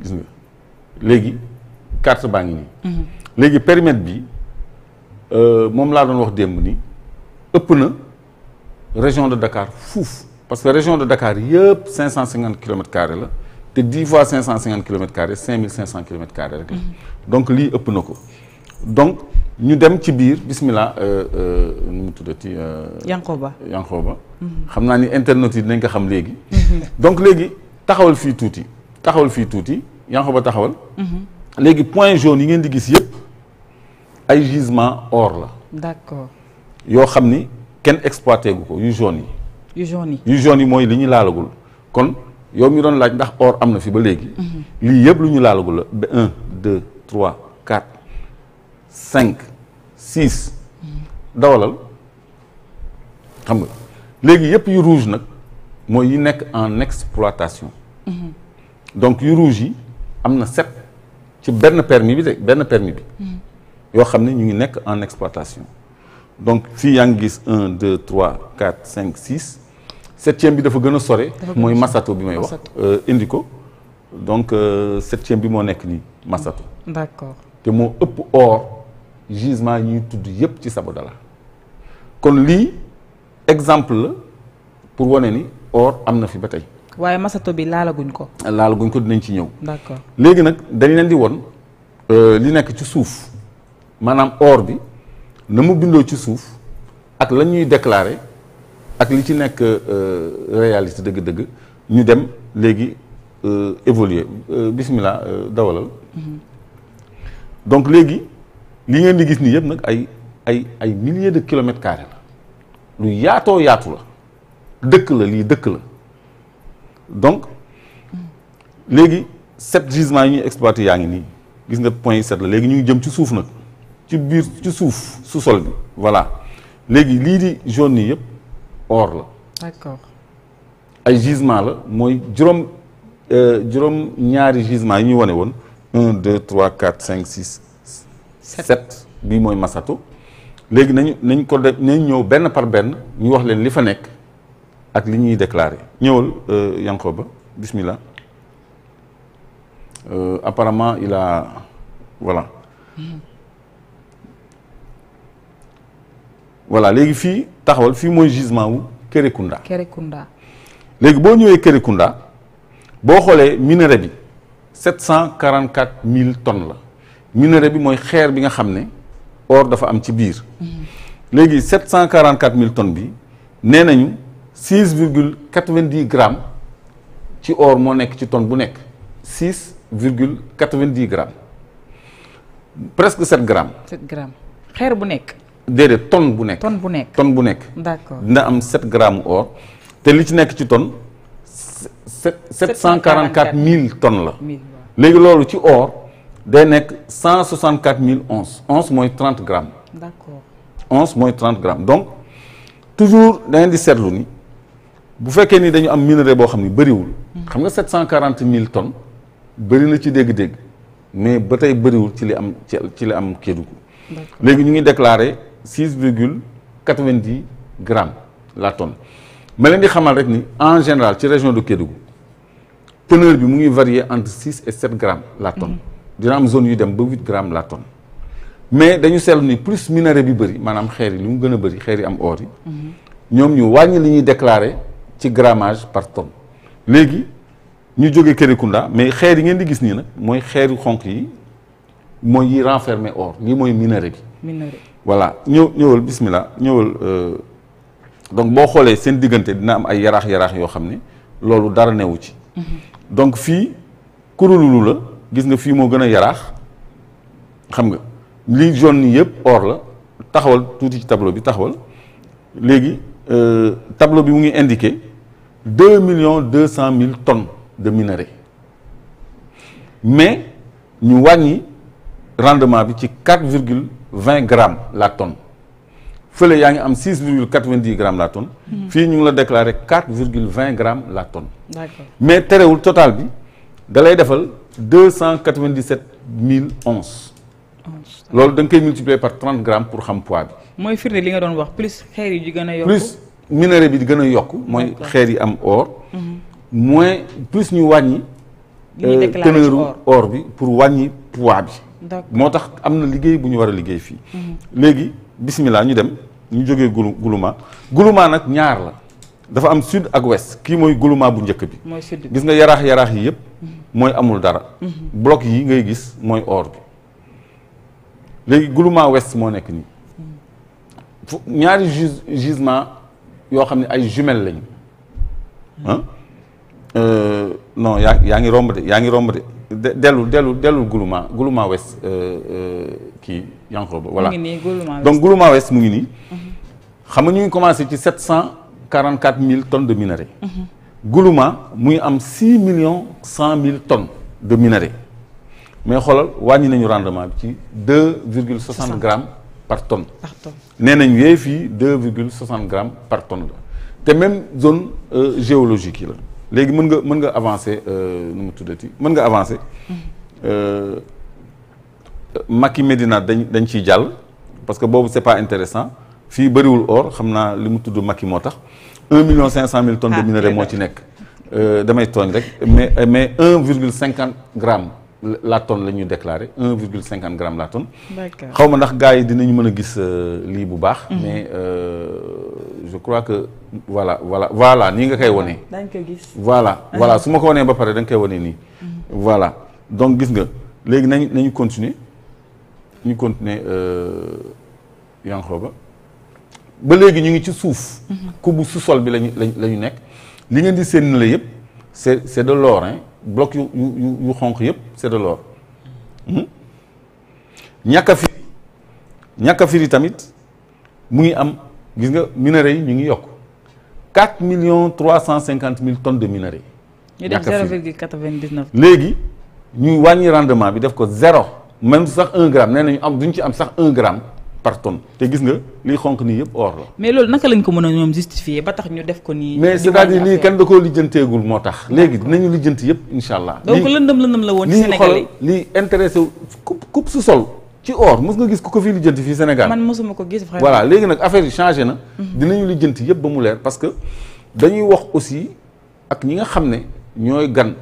gis nga carte ce mhm. qui bi euh, mom la doon wax région de Dakar fouf parce que région de Dakar yëpp 550 km2 la 10 fois 550 km 2 5500 km carrés mhm. donc nous ëpp donc ñu dem ci biir bismillah euh, euh, Yankoba Yankoba. Mhm. ni internet yi dañ ko xam donc tout taxawal taxawul fi touti ba point jaune yi ngeen di gisement or d'accord yo xamni ken kenn exploité ko yu jaune yi. yu jaune yi yu jaune yi moy li kon mi don laaj ndax or amna fi ba un deux trois quatre cinq dawalal xam nga yu rouge nak moy yi en exploitation donc yu rouge yi sept ci ben permis bi permis bi hmm. yo xamné ñu en exploitation donc fi un deux trois quatre cinq six septième bi dafa gëna sore Masato bi may wax euh, Indico donc euh, septième bi mo Masato d'accord te mo upp or gisement ñi tudd yépp ci Sabodala kon exemple pour wane ni or amna fi que masato bi laalaguñ ko. C'est ko dinañ ci ñëw. d'accord léegi nag dañ leen di won euh, li nekk ci suuf maanaam or bi mu ci ak déclarer réaliste nous allons ñu euh, évoluer euh, bismillah mm-hmm. donc maintenant, li ngeen di gis milliers de kilomètres carrés la la la donc, les 7 gisements exploités, ils point 7, les gens sont tous souffrent. Tu bures, tu souffres sous sol. Voilà. Les jaune, jaunes, or. D'accord. Les gisements, moi, Jérôme Niari gisement, ils ont 1, 2, 3, 4, 5, 6, 7, moi, Massato. Les gens, ils ont ben par ben, ils ont les lits ak li ñuy déclaré ñëwal euh, Yankoba bismillah euh, apparemment il a voilà voilà légui fi taxawal fi moy gisement wu Kerekunda. kerekunda légui bo Kerekunda bo xolé minerai bi sept tonnes la minerai bi nga or dafa am ci biir mm-hmm. sept mille tonnes bi 6,90 grammes ci or mon nek ci tonne bu nek 6,90 grammes presque 7 grammes 7 grammes C'est bu nek tonne nek tonne nek d'accord Nous am 7 grammes or té li ci nek ci tonne 744000 tonnes là légui lolu ci or day nek 164011 11 moins 30 grammes d'accord 11 moins 30 grammes donc toujours dans di sétlu si vous avez un minerai, vous avez 740 000 tonnes, vous avez des Mais vous avez des choses qui sont très Nous avons déclaré 6,90 mm-hmm. grammes la tonne. Mais en général, dans la région de Kédougou, la teneur varie entre 6 et 7 grammes la tonne. Dans la zone, nous avons 8 grammes la tonne. Mais nous avons plus de minerai, madame Khéry, nous dit que nous nous avons déclaré ci grammage par tonne légui ñu joggé jógee kunda mais xéer yi ngeen di gis ni nak moy xéeru xonq yi moy yi renfermé or ni moy minerai bi voilà ñëw ñëwal bismillah euh donc boo xolé seen digënté dina am ay yaraax-yaraax yo xamné lolu dara newu ci mhm. donc fii kurululu la gis nga fi mo gëna a xam nga li jaune yépp or la taxawal tuuti ci tableau bi taxawal légui euh tableau bi mu ngi indiquer 2 200 000 tonnes de minerais. Mais nous avons un rendement de 4,20 grammes la tonne. Nous avons 6,90 grammes la tonne. nous avons déclaré 4,20 grammes la tonne. Mais le total, c'est 297 000 onces. Lors multiplié par 30 grammes pour le poids. Moi, je plus de plus minerai bi gëna a moy xéer yi am or mhm. moins plus ñu wani euh, teneuru or bi pour wañi poids bi motax amna am liggéey bu ñu wara liggéey mhm. bismillah ñu dem ñu joggé guluma guluma ñaar la dafa am sud ak ouest ki moy guluma bu ñëkk bi gis nga yarax yarax yi yëpp mhm. amul dara bloc yi ngay gis moy or ouest nekk ni. ñaari gisement il ay jumelles hein? euh, non donc Goulouma Ouest mu y mhm. xam nga tonnes de minerai mhm. Goulouma il am a millions 100 000 tonnes de minerais. mais xoolal a un rendement de 2,60 grammes par tonne. Par tonne. Nous 2,60 grammes par tonne. C'est même zone euh, géologique. Là. Légui, mën nga, mën avancer, euh, nous avons avancé. Nous avons avancé. Maki Medina, dans parce que ce n'est pas intéressant. Fi y or, xamna la limite de Maki Mota. 1 500 000 tonnes de minerais ah, Euh, mais mais 1,50 grammes la tonne la déclaré 1,50 g la tonne. Je euh, mhm. mais euh, je crois que voilà voilà voilà ni nga voilà ah. voilà mhm. voilà donc vous nga maintenant, nous continuer ñu continuer euh, ba Maintenant, nous ngi ci le mhm. sol c'est de l'or hein bloc yu yu yu c'est de l'or Il hmm? y a tamit mu ngi am gis nga minerais ñu ngi 4 millions 350 000 tonnes de minerais. ñu a 0,99. un rendement bi def ko zéro même sax 1 gramme nee nañu am duñ ci am sax 1 gramme. par tonne te gis nga liy xonq nii yëpp or la. mais loolu naka lañ ko mën a ñoom justifier ba tax ñu def ko nii. mais c'est-à-dire lii kenn da koo lijjanteegul moo tax. léegi dinañu lijjanti yëpp incha allah. donc lëndëm lëndëm la woon ci Sénégal yi lii intéressé wu coupe coupe su sol. ci or mos nga gis ku ko fii lijjanti fii Sénégal man mosuma ko gis vraiment voilà léegi nag affaire yi changé na. dinañu lijjanti yëpp ba mu leer parce que dañuy wax aussi ak ñi nga xam ne ñooy gan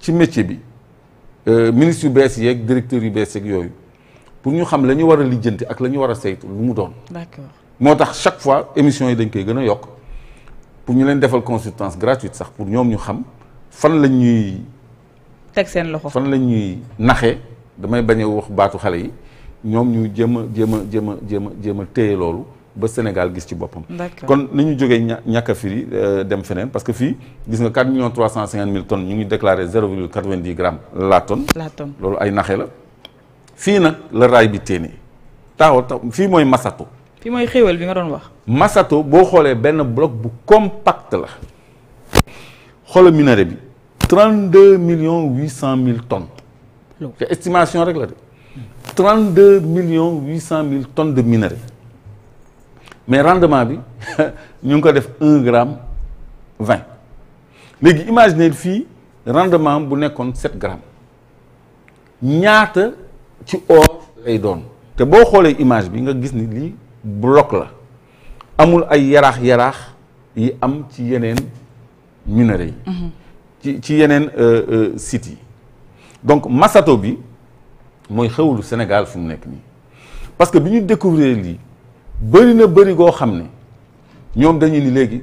ci métier bi euh, ministre yu bees yeeg directeur yu bees yeeg yooyu pour nous xam ce ñu war a et ak la ñu faire. d'accord chaque fois émission l'émission est koy train de pour ñu leen defal consultance gratuite pour nous, ñu xam fan la ñuy. teg seen fan la ñuy naxee damay wax baatu xale yi ñoom ñu jéem Nous jéem a jéem Sénégal gis ci kon euh, parce que nous avons 4 350 tonnes nous avons déclaré 0,90 grammes la tonne. la tonne fii le la raay bi téene taxaw tax fii mooy Masato. fii y xéwal bi nga doon wax. Masato boo xoolee bloc bu compact la xoolal minerai 32 millions 800 mille tonnes. C'est estimation rek 32 millions 800 mille tonnes de minerai mais rendement bi ñu ngi ko def 1 gramme 20 Mais imaginez le rendement bu nekkoon 7 grammes ñaata ci or lay doon te boo xoolee image bi nga gis ni lii bloc la amul ay yaraax-yaraax yi am ci yeneen minerai yi mhm. ci ci yeneen euh, euh, sites yi donc Masato bi mooy xewlu Sénégal fu mu nekk nii parce que bi ñu découvrir lii bëri na bëri goo xam ne ñoom dañuy ni léegi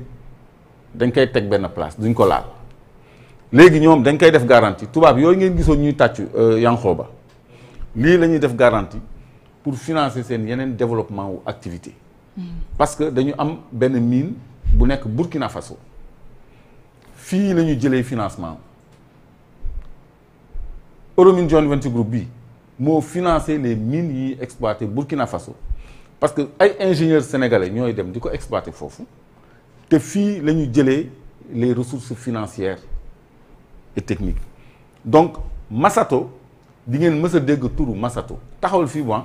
dañ koy teg benn place duñ ko laal léegi ñoom dañ koy def garantie tubaab yooyu ngeen gisoon ñuy tàccu euh, ba li lañuy def garantie pour financer sen yenen développement ou activité parce que dañu am des mine bu nek Burkina Faso fi la jëlé jëlee financement Euromine Joint Venture Group bi mo financer les mines yi exploité Burkina Faso parce que ay ingénieurs sénégalais ñoy dem diko ko exploité foofu te fii a les ressources financières et techniques donc Massato di ngeen mës a dégg turu Masato taxawul fi bon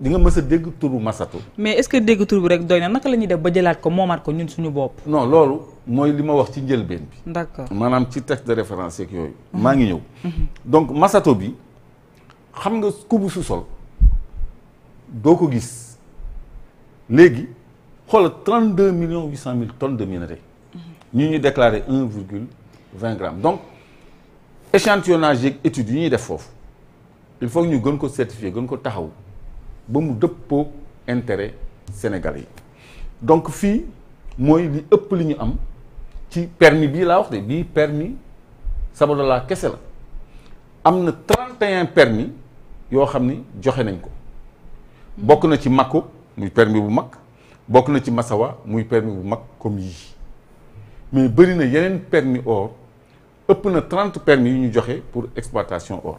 di nga mës a dégg turu Masato. mais est-ce que dégg tur rek doyna naka la def ba jëlat ko momar ko ñun suñu bop non lolu moy lima wax ci ben bi. d'accord manam ci texte de référence ak yooyu. Mhm. ma ngi ñew mhm. donc Masato bi xam nga kubu su sol doo ko gis léegi xol 32 millions 800 mille tonnes de minerai. Mhm. ñu ñu déclarer 1,20 g donc échantillonnage yeeg études yi def fofu il faut ñu gën ko certifier gën ko taxaw ba mu dëppoo intérêt Sénégalais donc fi mooy li ëpp li ñu am ci permis bii laa wax de bii permis Sabodala kese la am na 31 permis yo xamni ni joxe nañ ko bokku na ci Mako muy permis bu mak bokku na ci Massawa muy permis bu mak comme yi mais bari na yeneen permis or ëpp na 30 permis yu ñu joxe pour exploitation or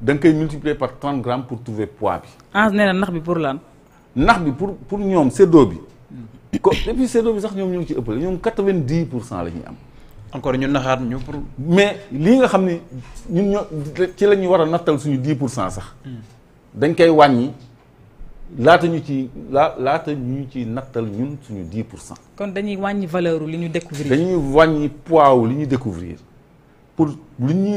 Donc ils multiplient par 30 grammes pour trouver poids bi. ah c'est pour lan. nax pour pour nous et puis bi sax nous ci 90 encore nous mais les nga qui nous, ñun ci nous a 10 sax. dañ là nous ci nous ci 10 Quand kon valeur découvrir. dañuy poids découvrir pour nous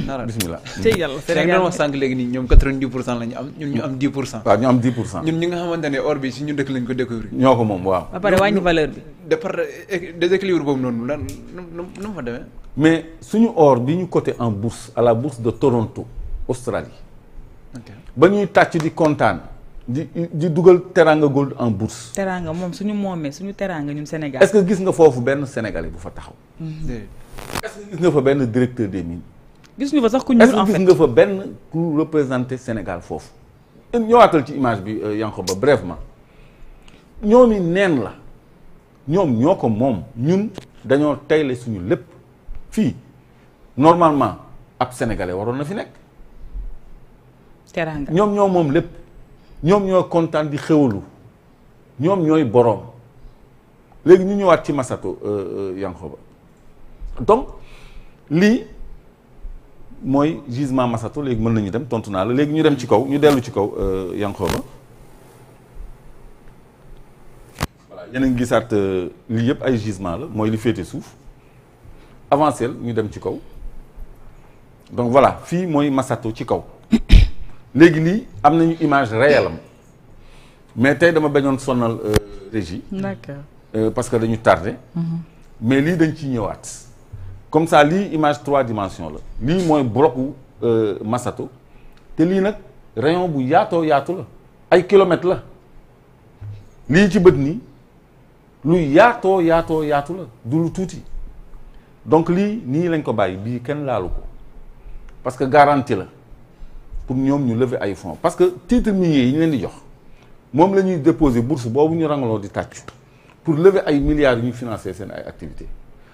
dara bisimilah. tey yàlla Sénégal da sànq léegi nii ñoom 90 pour cent la ñu am ñun ñu am 10 waaw ñu am ñun ñi nga xamante or bi si ñu dëkk lañ ko découvrir. ñoo ko moom waaw. ba pare wàññi valeur bi. de par déséquilibre boobu noonu lan nu mu fa demee. mais suñu or bi ñu côté en bourse à la bourse de Toronto Australie. ba ñuy tàcc di kontaan di di dugal Teranga Gold en bourse. Teranga moom suñu moomee suñu Teranga ñun Sénégal. est-ce que gis nga foofu benn Sénégalais bu fa taxaw. est-ce que gis nga fa benn directeur des mines. gis ñu fa sax ku ñuul nga fa benn ku représenté Sénégal foofu. ñëwaatal ci image bi euh, Yankoba ñoom ñoomi neen la ñoom ñoo ko moom ñun dañoo tayle suñu lépp fii normalement ab sénégalais waroon na fi nekk. teraanga ñoom ñoo moom lépp ñoom ñoo kontaan di xéwalu ñoom ñooy boroom léegi ñu ñëwaat ci Masato euh, euh, Yankoba donc lii. mooy gisement Masato léegi mën nañu dem tontuna naa la léegi ñu dem ci kaw ñu dellu ci kaw euh Yankoba voilà yene ngi gisaat euh, li yëpp ay gisement la moy li féete suuf avancé ñu dem ci kaw donc voilà fii mooy Masato ci kaw léegi lii amna ñu image réelle mais tay dama bañon sonal euh régie d'accord euh parce que dañu tardé mm-hmm. mais li dañ ci ñëwaat comme ça lii image trois dimensions la lii mooy blocu euh, Masato te lii nag rayon bu yaatoo yaatu la ay kilomètres la lii ci bët nii lu yaatoo yaatoo yaatu la du lu tuuti donc lii nii lañ ko bàyyi bii kenn laalu ko parce que garantie la pour ñoom ñu lever ay fonds parce que titre minier yi ñu leen di jox moom la ñuy déposer bourse boobu ñu rangaloo di tàcc pour lever ay milliards yu ñu financer seen ay activités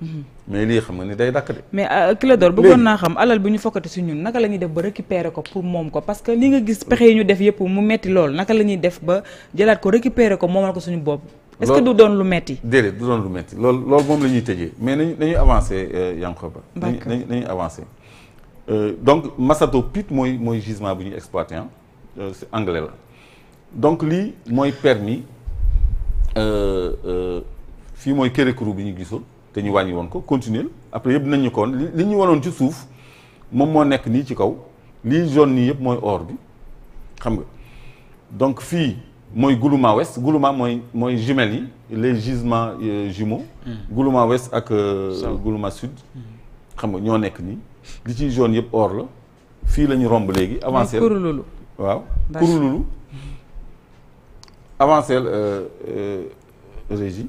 Mm-hmm. mais li xam nga ni day dakk de. mais bu euh, bëggoon na xam alal bi ñu fokkati si ñun naka lañuy def ba récupérer ko pour mom ko parce que li nga gis pexé ñu def yépp mu metti lool naka lañuy def ba jëlat ko récupérer ko momal ko suñu bop est-ce que du doon lu metti dédé du doon lu metti lool lool mom lañuy tejé mais nañu nañuy avancé euh, Yankoba. d'accord nañu nañuy avancé. Euh, donc Masato Pit moy moy gisement bu ñuy exploité ah hein. c'est anglais là donc li moy permis euh fii mooy Kérékourou bi ñu gisul te ñu ko continuer après yeb nañu li ñu ci ci kaw or donc fi Goulouma Ouest Goulouma les gisements euh, jumeaux hmm. Goulouma Ouest ak euh, Goulouma Sud hmm. xam nga ñoo nekk ni li ci jaune yeb or la fi lañu euh, régie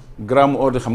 gramme or xam